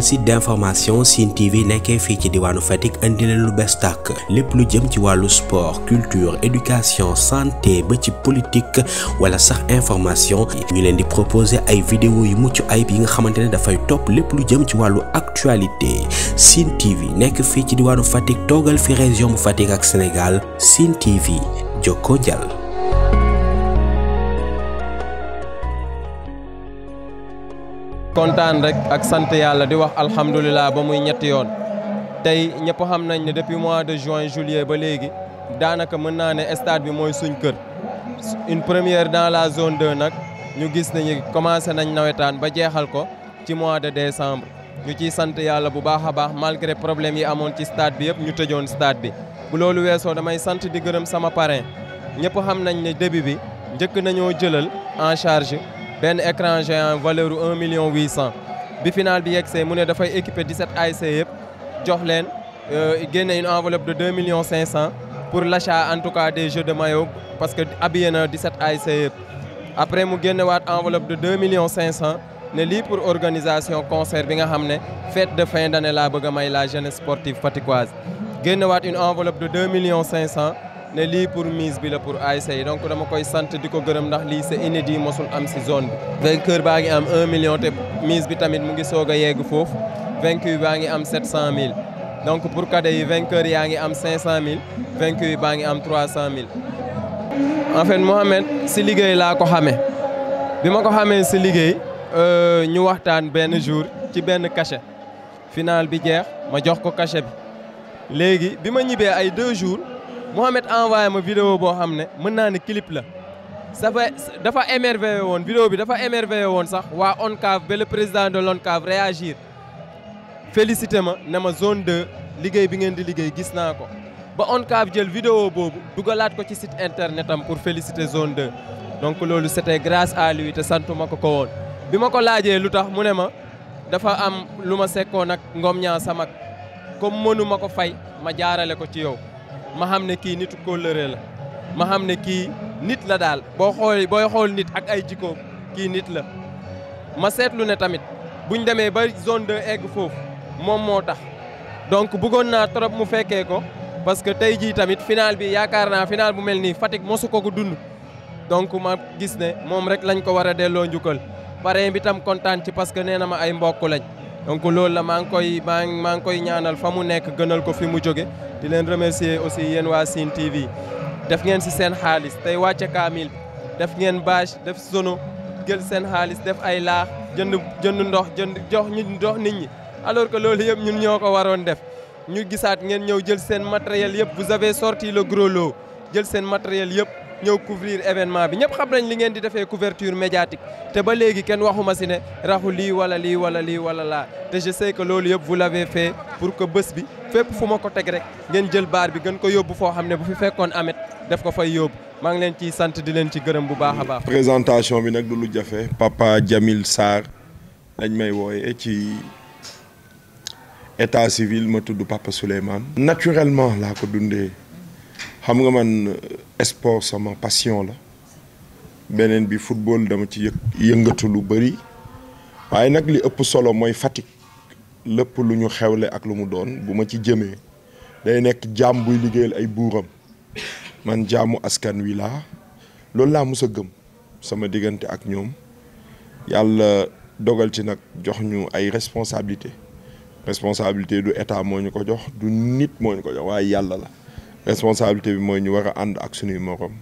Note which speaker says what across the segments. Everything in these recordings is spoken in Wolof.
Speaker 1: site d'information sin TV qu'un fichier ci diwanu fatik andi leen lu bees tàkk plus lu jëm ci sport culture éducation santé ba ci politique wala sax information ñu leen di proposer ay vidéo yu muccu ay bi nga xamantene da top top lepp lu jëm ci walu actualité sin TV nek fichier ci diwanu fatik togal fi région bu ak Sénégal TV joko kontaan rek ak sante yalla di wax alhamdulilah ba muy ñetti yoon tay ñepp xam nañ ne depuis mois de juin juillet ba légui danaka mën naa ne stade bi moy suñ kër une première dans la zone 2 nak ñu gis nañu commencé nañ nawetaan ba jéxal ko ci mois de décembre ñu ci sante yalla bu baax a baax malgré problème yi amone ci stade bi yépp ñu tëjoon stade bi bu lolu wesso damay sante di gërëm sama parrain ñepp xam nañ né début bi jëk nañu jëlal en charge ben écran géant valeur de 1 million 800 bi final bi yexé mu da fay équiper 17 ASC yëpp jox leen euh, une enveloppe de 2 millions 500 pour l'achat en tout cas des jeux de maillot parce que habillé 17 ASC Après, après mu wat enveloppe de 2 millions 500 né li pour organisation concert bi nga xamné fête de fin d'année la bëgg may la jeunesse sportive faticoise wat une enveloppe de 2 millions 500 ne li pour mise bi la pour ASC donc dama koy sante diko ko ndax li c'est inédit mosul am ci zone bi. vainqueur baa ngi am 1 million té mise bi tamit mu ngi soga yegg fof vainqueur baa ngi am 700000 donc pour cadet yi vainqueur yaa ngi am 500000 vainqueur yi baa ngi am 300000. en fait Mohamed ci liguey la ko xamé bima ko xamé ci liguey euh ñu waxtaan ben jour ci ben cachet final bi jeex ma jox ko cachet bi légui bima ñibé ay 2 jours. Mohamed envoyé ma vidéo boo xam ne mën naa ne clip la ça fait dafa émerveillé woon vidéo bi dafa émerveillé woon sax waa ONCAV ba le président de l'ONCAV réagir félicité ma ne ma zone 2 liggéey bi ngeen di liggéey gis naa ko ba ONCAV jël vidéo boobu dugalaat ko ci site internet am pour féliciter zone 2 donc loolu c'était grâce à lui te santuma ko ko woon bi ma ko laajee lu tax mu ne ma dafa am lu ma sekkoon ak ngom ñaa sama comme mënu ma ko fay ma jaarale ko ci yow ma xam ne kii nitu kóllëre la ma xam ne kii nit la daal boo xool booy xool nit ak ay jikkoom kii nit la ma seetlu ne tamit buñ demee ba zone 2 egg foofu moom moo tax donc bëggoon naa trop mu fekkee ko parce que tey jii tamit final bi yaakaar naa final bu mel nii Fatick mosu ko ko dund donc ma gis ne moom rek lañ ko war a delloo njukkal parrain bi tam kontaan ci parce que nee na ma ay mbokk lañ donc loolu la maa ngi koy maa ngi maa ngi koy ñaanal fa mu nekk gënal ko fi mu jóge di leen remercier aussi yéen waa Sine TV def ngeen si seen xaalis tey wàcce kaamil def ngeen bâche def sono jël seen xaalis def ay laax jënd jënd ndox jënd jox ñu jox nit ñi alors que loolu yëpp ñun ñoo ko waroon def ñu gisaat ngeen ñëw jël seen matériel yëpp bu avez sorti le gros jël seen matériel yëpp ñëw couvrir événement bi ñep xam nañ li ngeen di défé couverture médiatique té ba légui kenn waxuma ci né raxu li wala li wala li wala la té je sais que loolu yëpp vous l'avez fait pour que bëss bi fep fuma ko teg rek ngeen jël bar bi gën ko yobbu fo xamné bu fi fekkoon amet def ko fay yobbu ma ngi leen ci sant di leen ci gërëm bu baaxa baax.
Speaker 2: présentation bi nak du lu jafé papa Jamil Sarr lañ may woyé ci état civil ma tuddu papa souleyman naturellement la ko dundé xam nga man eh, sport sama passion la beneen bi football dama ci yë yëngatu lu bëri waaye nag li ëpp solo mooy Fatick lépp lu ñu xewle ak lu mu doon bu ma ci jëmee day nekk jaam buy liggéeyal ay buuram man jaamu askan wi laa loolu laa mës a gëm sama diggante ak ñoom yàlla dogal ci nag jox ñu ay responsabilité responsabilité du état moo ñu ko jox du nit moo ñu ko jox waaye yàlla la responsabilité bi moy ñu wara and ak suñuy morom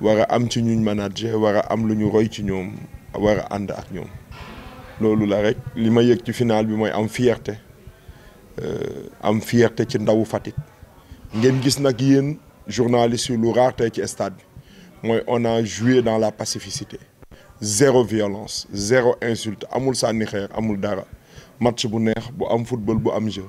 Speaker 2: wara am ci ñuñ manager wara am lu ñu roy ci ñoom wara and ak ñoom loolu la rek li ma yëg ci final bi moy am fierté euh am fierté ci ndawu Fatick ngeen gis nak yeen journaliste lu rare tay ci stade bi mooy on a joué dans la pacificité zéro violence zéro insulte amul sànni xeer amul dara match bu neex bu am football bu am jeu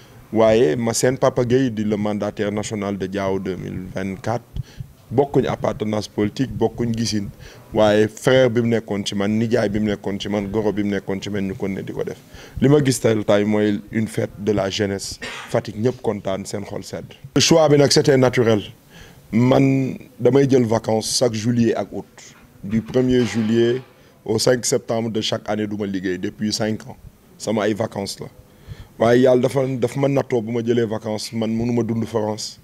Speaker 2: je suis Papa gay le mandataire national de Diao 2024 Beaucoup appartenance politique bokkuñ gisin politique, frère bi mu nekkoon ci man nijaay bi mu ci man goro bi qui nekkoon ci man kon ne di ko def une fête de la jeunesse Fatick ñëpp de seen xol Le choix bi choix c'était naturel man damay jël vacances chaque juillet à août du 1er juillet au 5 septembre de chaque année depuis 5 ans sama ay vacances là waaye yàlla dafa daf ma nattoo bu ma vacances man mënu ma dund France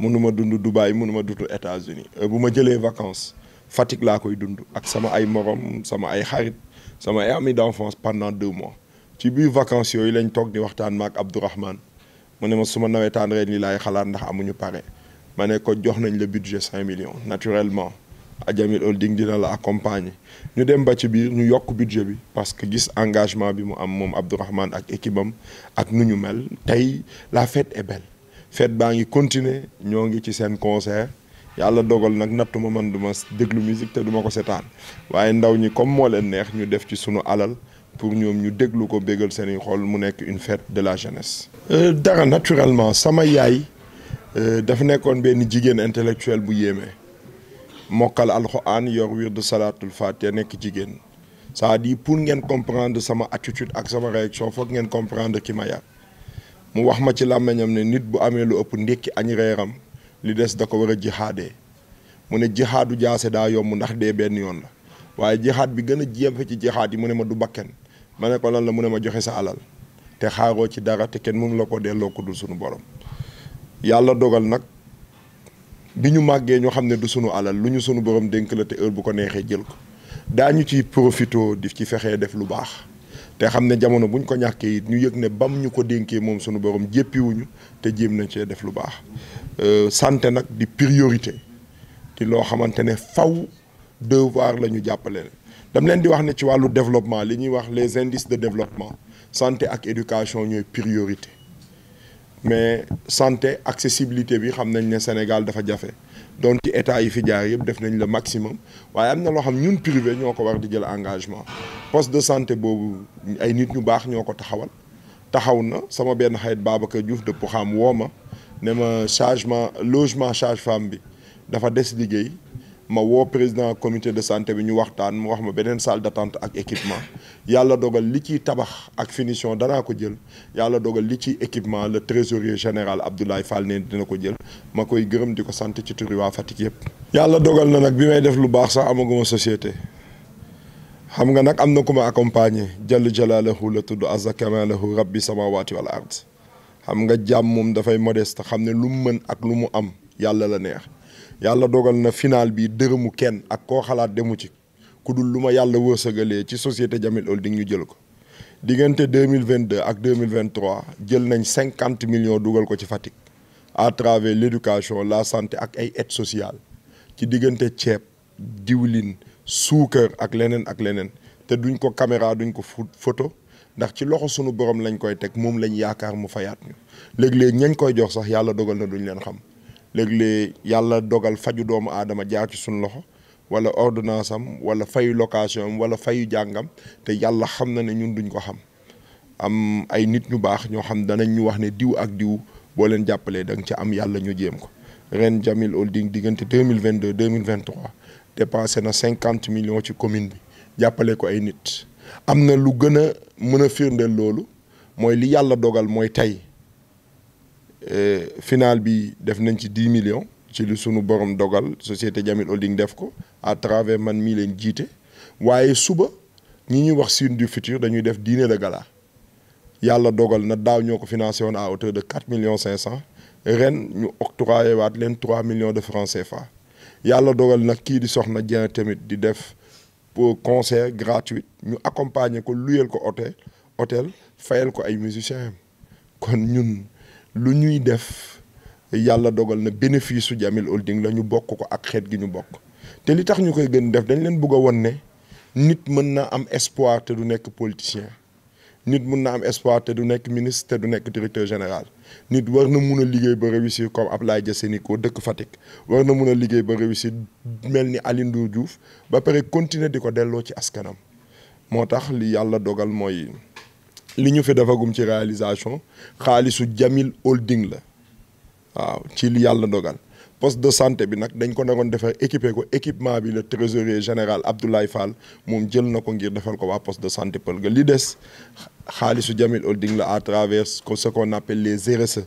Speaker 2: mënu ma dund Dubaï mënu ma dund États-Unis euh, bu ma jëlee vacances Fatick la koy dund ak sama ay morom sama ay xarit sama ay amis d'enfance pendant deux mois ci biir vacances yooyu lañ tok di waxtan mak Abdourahmane mu ne ma su ma nawetaan ren yi laay xalaat ndax amuñu paré mané ko jox nañ le budget 5 millions naturellement Adjamil Holding dina la accompagner ñu dem ba ci biir ñu yokk budget bi parce que gis engagement bi mu am moom Abdourahmane ak équipe ak nu ñu mel la fête est belle fête ngi continuer ñoo ngi ci concert yàlla dogal nag natt ma man duma déglu musique te duma ko waaye ndaw ñi comme moo leen neex ñu def ci sunu alal pour ñoom ñu déglu ko bégal xol mu une fête de la jeunesse. Euh, dara naturellement sama yaay euh, daf mokkal alxuraan yor du salaatul faatiha nekk jigéen cest di dire pour ngeen comprendre sama attitude ak sama réaction foog ngeen comprendre ki ma yar mu wax ma ci làmmiñam ne nit bu amee lu ëpp ndékki añ reeram li des da ko war a jihaadee mu ne jihaadu jaase daa yomb ndax dee benn yoon la waaye jihaad bi gën a jéem ci jihaad yi mu ne ma du bakken ma ne ko lan la mu ne ma joxe sa alal te xaaroo ci dara te kenn mënu la ko delloo ko dul sunu borom dogal nag. bi ñu màggee ñoo du suñu alal luñu suñu borom denk la té heure bu ko nexé jël ko daañu ci profito di ci fexé def lu baax té xamné jamono buñ ko ñàkkee it ñu yëg ne bam ñu ko denké mom suñu borom wuñu té jëm na ci def lu baax euh, santé nak di priorité di lo xamante faw devoir lañu jappalé dam leen di wax né ci walu développement li ñuy wax les indices de développement santé ak éducation ñoy priorité mais santé accessibilité bi xam nañ ne Sénégal dafa jafé donc ci état yi fi jaar yëpp def nañ le maximum waye amna lo xam ñun privé ñoo ko war di jël engagement poste de santé bobu ay nit ñu bax ñoo ko taxawal taxaw na sama ben xayit Babacar Diouf de Pouxam woo ma ne ma changement logement charge femme bi dafa dess liggéey ma woo président comité de santé bi ñu waxtaan mu wax ma beneen salle d'attente ak équipement yàlla dogal li ciy tabax ak finition danaa ko jël yàlla dogal li ciy équipement le trésorier général Abdoulaye fal ne dina ko jël ma koy gërëm di ko sant ci turi waa Fatick yëpp. yàlla dogal na nag bi may def lu baax sax amaguma société xam nga nag am na ku ma accompagner jall jalaalahu la tudd azza kamalahu rabbi samawati wal ard xam nga jàmm moom dafay modeste xam ne lu mu mën ak lu mu am yàlla la neex. yàlla dogal na final bi dërëmu kenn ak koo xalaat demu ci ku dul lu ma yàlla wërsëgalee ci société Jamil Holding ñu jël ko diggante deux mille vingt deux ak deux mille vingt jël nañ cinquante millions dugal ko ci Fatick à travers l' la santé ak ay aide sociale ci diggante ceeb diwlin suukar ak leneen ak leneen te duñ ko caméra duñ ko fu photo ndax ci loxo sunu borom lañ koy teg moom lañ yaakaar mu fayaat ñu léeg-léeg ñañ koy jox sax yàlla dogal na duñ leen xam. léeg yàlla dogal faju doomu aadama jaar ci suñu loxo wala ordonnance am wala fayu location am wala fayu jàngam te yàlla xam na ne ñun duñ ko xam am ay nit ñu baax ñoo xam danañ ñu wax ne diw ak diw boo leen jàppalee da nga ci am yàlla ñu jéem ko ren Jamil Holding diggante deux mille vingt deux deux mille vingt trois dépensé na cinquante million ci commune bi jàppalee ko ay nit am na lu gën a mën a firndeel loolu mooy li yàlla dogal mooy tey Eh, final bi def nañ ci 10 millions ci le sunu borom dogal société jamil holding def ko à travers man mi len jité wayé suba ñi ñu wax signe du futur dañuy def dîner de gala yalla dogal na daw ñoko financer on à hauteur de 4 millions 500 ren ñu octroyé wat len 3 millions de francs CFA yalla dogal nak ki di soxna jëna tamit di def pour concert gratuit ñu accompagner ko luyel ko hôtel hôtel fayal ko ay musiciens kon ñun lu ñuy def yàlla dogal na bénéfice su Jamil Holding la ñu bokk ko ak xeet gi ñu bokk te li tax ñu koy gën def dañ leen bëgg a won ne nit mën na am espoir te du nekk politicien nit mun na am espoir te du nekk ministre te du nekk directeur général nit war na mun a liggéey ba réussir comme Ablaye Diasseni ko dëkk Fatick war na mun a liggéey ba réussir mel ni Alioune Ndour ba pare continuer di ko delloo ci askanam moo tax li yàlla dogal mooy que nous réalisation, dans la réalisation xaalisu Jamil Holding la waaw ci poste de santé nous avons le trésorier général Abdoulaye Fall poste de santé Jamil Holding à travers ce qu'on appelle les RSE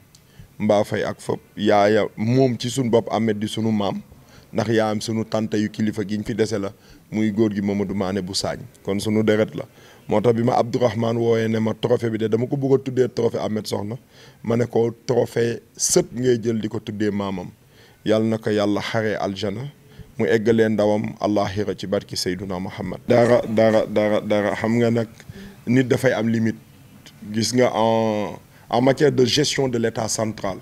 Speaker 2: mbaa fay ak fop yaaya moom ci sunu bopp Ameth di suñu maam ndax yaayam suñu tante yu kilifa gi ñu fi dese la muy góor gi Mamadou Mané bu saañ kon sunu deret la moo tax bi ma Abdourahmane wooyee ne ma trophée bi de dama ko bëgg a tuddee trophée Ameth Sokhna ma ne ko trophée sët ngay jël di ko tuddee maamam yàlla na ko yàlla xaree aljana mu eggalee ndawam allahira ci barki Seyduna Muhammad dara dara dara dara xam nga nag nit dafay am limite gis nga en En matière de gestion de l'État central,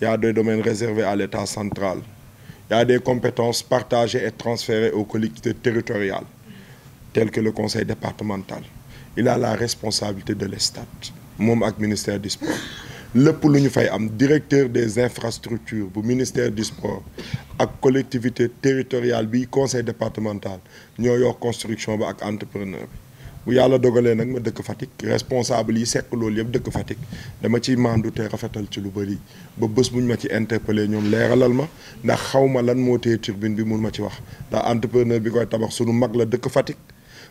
Speaker 2: il y a des domaines réservés à l'État central. Il y a des compétences partagées et transférées aux collectivités territoriales, telles que le conseil départemental. Il a la responsabilité de l'Estat, avec le ministère du sport. Le Poulou directeur des infrastructures du ministère du sport la collectivité territoriale le conseil départemental New York construction ba entrepreneur bu dogalé nak ma dëkk Fatick responsable yi sék loolu yëpp dëkk Fatick dama ci mandu té rafetal ci lu bari ba bés buñ ma ci interpeller ñom léralal ma ndax xawma lan mo té turbine bi mun ma ci wax da entrepreneur bi koy tabax suñu mag la dëkk Fatick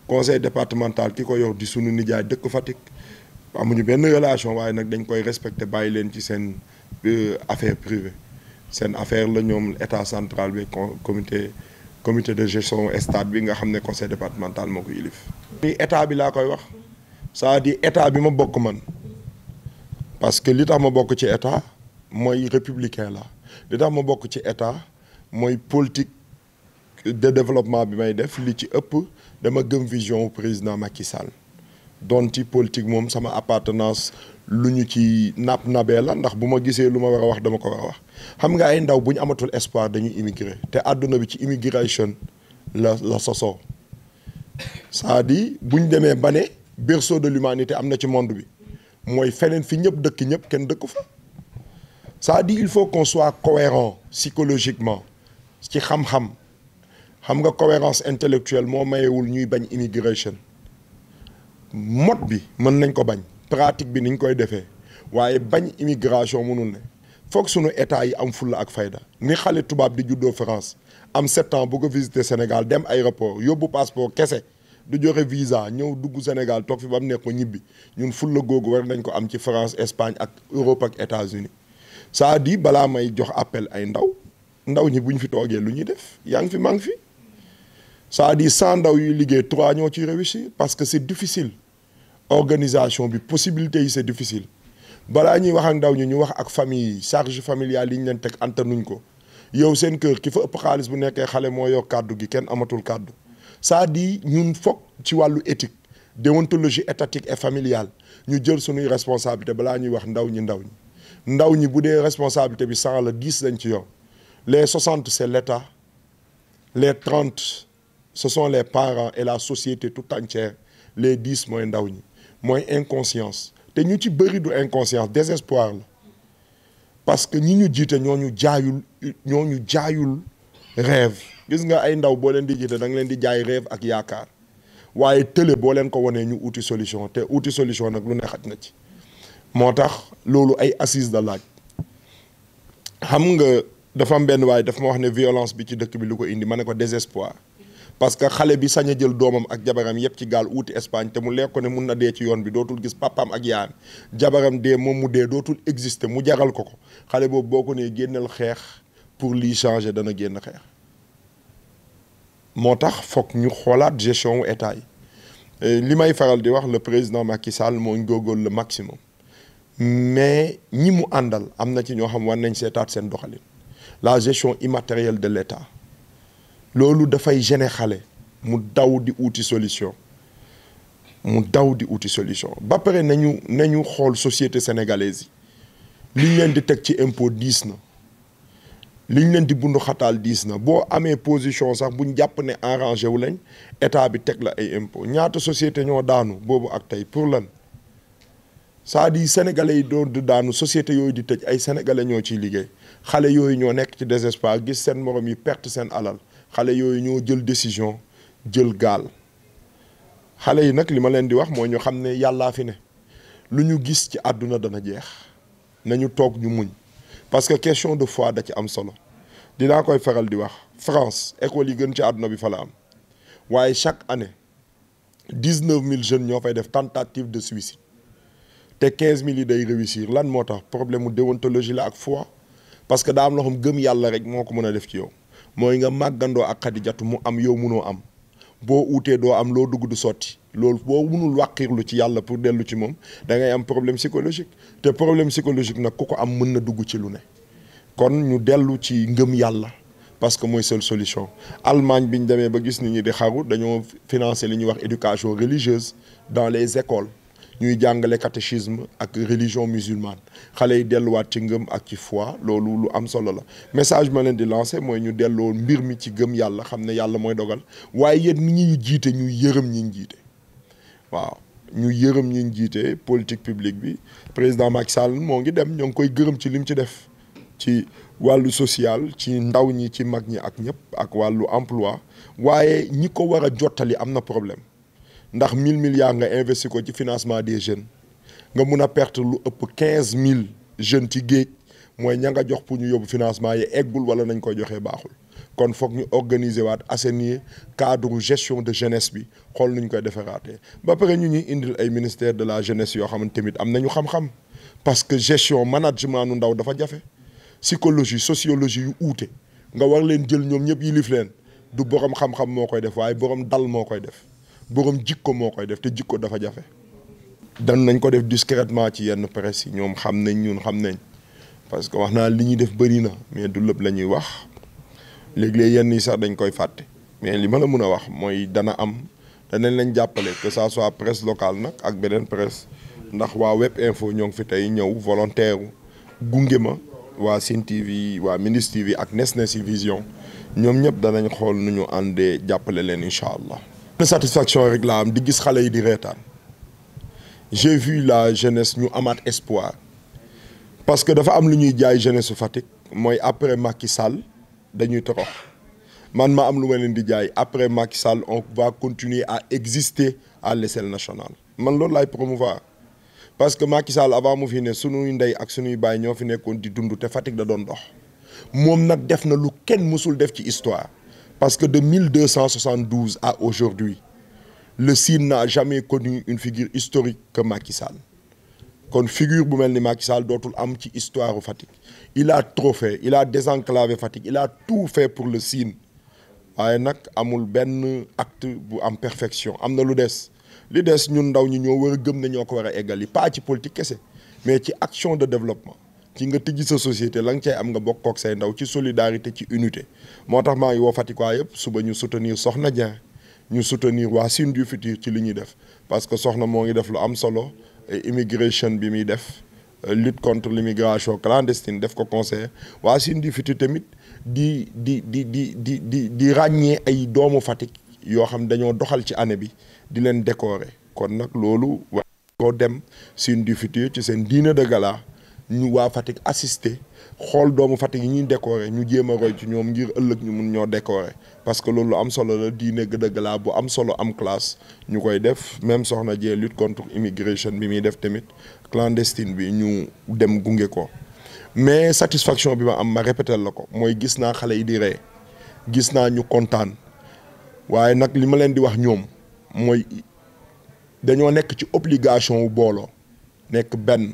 Speaker 2: conseil départemental ki ko yor di suñu nijaay dëkk Fatick amuñu benn relation waye nak dañ koy respecter bàyyi leen ci sen euh, affaire privée sen affaire la ñom état central bi comité comité de gestion stade bi nga xam conseil départemental L'État, ko yilif bi koy wax à dire état bi ma man parce que li tax ma bokk ci état suis républicain L'État l'état ma bokk l'état, état mooy politique de développement bi may def li ci ëpp dama gëm vision président Macky Sall donti politique ça ma appartenance lu qui ci pas nabee ndax buma ma luma wara wax dama ko war wax xam nga ay ndaw buñ amatul espoir dañuy immigrer té aduna bi ci immigration la la ça ça à dit, bu ñu bané, berceau de l'humanité amna ci monde bi moy feneen fi ñëpp dëkk ñëpp kèn dëkk fa ça à dit il faut qu'on soit cohérent psychologiquement ci xam-xam xam nga cohérence intellectuelle mo mayewul ñuy bañ immigration mot bi mën nañ ko bañ pratique bi niñ koy defee wayé bañ immigration mënul né foog suñu état yi am fulla ak fayda ni xalé tubaab di juddoo France am sept ans bu ko visité Sénégal dem aéroport yóbbu passeport kessé du joxe visa ñëw dugg Sénégal tok fi bam mu nekk ko ñibbi ñun fulla gogu war nañ ko am ci France Espagne ak Europe ak États-Unis ça dit bala may jox appel ay ndaw ndaw ñi buñ fi togué lu ñuy def yaa ngi fi mang fi ça dit cent ndaw yu liggé trois ñoo ci réussir parce que c'est difficile organisation bi possibilité yi c'est difficile bala ñuy wax ak ndaw ñi ñu wax ak famille charge familiale li ñu leen teg antanuñ ko yow seen cœur ki fa ëpp xaalis bu nekké xalé mo yo cadeau gi kenn amatul cadeau cest à ñun fokk ci walu éthique déontologie étatique et familiale ñu jël suñu responsabilité bala ñuy wax ndaw ñi ndaw ñi ndaw ñi bu dee responsabilité bi sans la 10 lañ ci yo les 60, c'est l'État les 30, ce sont les parents et la société tout entière les 10, mooy ndaw ñi moy inconscience te ñu ci bëri du inconscience désespoir parce que ñi ñu jité ñoñu nous jaayul des rêves. jaayul rêve gis nga ay ndaw bo leen di jité da leen di jaay rêve ak nous waye télé bo leen ko woné ñu outil solution té outil solution Nous lu neexat na ci motax lolu ay laaj xam nga dafa am wax violence bi ci désespoir parce que xalé bi saña jël domam ak jabaram yépp ci gal outi Espagne té mu leer ko ne mun na dé ci yoon bi dotul gis papam ak yaayam jabaram dé moom mu dé dotul exister mu jagal ko ko xale boobu boo ko nee génnal pour lii changer dana génn xeex motax tax ñu xolaat gestion état yi euh, limay faral di wax le président Macky Sall mo ngogol le maximum mais ñi mu andal amna ci ño xam wan nañ sétat sen doxalin la gestion immatérielle de l'état loolu dafay gêner xale mu daw di outil solution mu daw di outil solution ba pare nañu nañu xol société sénégalaise liñ leen di teg ci impôt 10 na liñ leen di bundu xataal 10 na boo position sax buñ japp ne arrangé wu lañ état bi teg la ay impôt ñaata société ño daanu bobu ak tay pour lan Ça dit sénégalais do daanu société yoyu di tej ay sénégalais ño ci liggé xalé yooyu ño nek ci désespoir gis sen morom yi perte sen alal xale yooyu ñoo jël décision jël gal xale yi leen di wax ñu xamné yalla fi ne lu gis ci aduna dana jeex nañu ñu parce que question de foi da ci am solo koy France école yi gën ci bi chaque année 19 000 jeunes ont def tentative de suicide té 15 000 yi day réussir problème de déontologie la ak foi parce que da am loxum gëm yalla moy nga magando ak khadijatu mu am yow munoo am bo outé do am lo dugg du sotti loolu boo munul wàqirlu ci yalla pour dellu ci mom da ngay am problème psychologique te problème psychologique nak koku am mën na dugg ci lu né kon ñu dellu ci ngëm yalla parce que moy seule solution Allemagne biñ démé ba gis nit ñi di xaru dañoo financer li ñuy wax éducation religieuse dans les écoles ñuy jàngale catéchisme ak religion musulmane xale yi delluwaat ci ngëm ak ci foi loolu lu am solo la message ma leen di lancé mooy ñu delloo mbir mi ci gëm yàlla xam ne yàlla mooy dogal waaye yéen ni ñuy jiite ñu yërëm ñi ñu waaw ñu yërëm ñi ñu politique publique bi président Macky Sall moo ngi dem ñoo ngi koy gërëm ci lim ci def ci wàllu social ci ndaw ñi ci mag ñi ak ñëpp ak wàllu emploi waaye ñi ko war a jottali am na problème ndax 1000 milliards nga investi ko ci financement des jeunes nga mëna perte lu ëpp 15000 jeunes ci géej mooy ña nga jox pour ñu yóbbu financement yi eggul wala nañ koy joxee baaxul kon foog ñu organiser waat assainir cadre gestion de jeunesse bi xool nuñ koy defaraatee ba pare ñu ñuy indil ay ministère de la jeunesse yoo xamante tamit am nañu xam-xam parce que gestion management nu ndaw dafa jafe psychologie sociologie yu uute nga war leen jël ñoom ñëpp yilif leen du borom xam-xam moo koy def waaye borom dal moo koy def. borom jikko moo koy def te jikko dafa jafe. dan nañ ko def discrètement ci yenn presse yi ñoom xam nañ ñun xam nañ parce que wax naa li ñuy def bëri na mais du lépp la ñuy wax léegi léeg yenn yi sax dañ koy fàtte mais li ma la mun a wax mooy dana am danañ lañ jàppale que ça soit presse local nag ak beneen presse ndax waa web info ñoo fi tey ñëw volontaire gunge ma waa Sen TV waa ministre TV ak Nes Nesi Vision ñoom ñëpp danañ xool nu ñu àndee jàppale leen incha allah. de satisfaction avec laa am di gis xale yi di reetaan j'ai vu la jeunesse ñu amaat espoir parce que dafa am lu ñuy jaay jeunesse su Fatick après Macky Sall dañuy torox man ma am lu ma di jaay après Macky on va continuer à exister à l'échelle nationale man loolu laay promouvoir parce que Macky Sall avant mu fi ne sunuy ndey ak sunuy baay ñoo fi nekkoon di dund te Fatick da doon dox moom nag def na lu kenn mësul def ci histoire parce que de 1272 à aujourd'hui, le Sine n'a jamais connu une figure historique comme Macky Sall. Une figure bu Macky Sall am histoire il a trop fait il a désenclavé Fatigue, il a tout fait pour le Sine Il a amul acte bu perfection il des a gëm pas ci politique mais ci action de développement ci nga tijji sa société la nga am nga bokk ak say ndaw ci solidarité ci unité motax ma ngi woo Fatick waa suba ñu soutenir Soxna Dieng ñu soutenir wa sin du Futur ci li ñi def parce que soxna mo ngi def lu am solo immigration bi mi def euh, lutte contre l'immigration clandestine def ko conseil wa sin du Futur tamit di di di di di di di ragné ay doomu fatik yo xam dañu doxal ci année bi di len décorer kon nak lolu wa dem sin du Futur ci sen de gala ñu waa Fatick assister xool doomu Fatick yi ñuy décorer ñu jéem a roy ci ñoom ngir ëllëg ñu mun ñoo décorer parce que loolu am solo la diine dëgg laa bu am solo am classe ñu koy def même soxna jee lutte contre immigration bi muy def tamit clandestine bi ñu dem gunge ko mais satisfaction bi ma am ma répété la ko mooy gis naa xale yi di ree gis naa ñu kontaan waaye nag li ma leen di wax ñoom mooy dañoo nekk ci obligation wu booloo nekk benn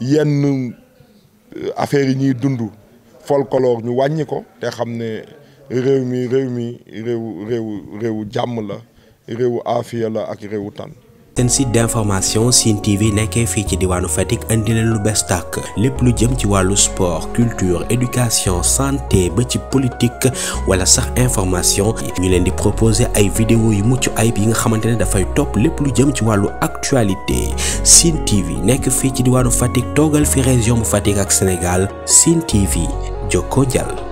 Speaker 2: yenn euh, affaires yi ñuy dund folklore ñu wàññi ko te xam ne réew mi réew mii réew réew réewu jàmm la réewu aafiya la ak réewu tànn
Speaker 1: site d'information Sine TV nekkee fii ci diwaanu Fatick un le lu bees Le plus lu jëm ci wàllu sport culture éducation santé ba ci politique wala sax information ñu leen di proposer ay vidéo yu mucc ayib yi nga xamante ne plus topp lépp lu jëm ci wàllu actualité Sine TV nekk fii ci diwaanu Fatick toogal fi région bu Fatick ak Sénégal Sine TV joko dial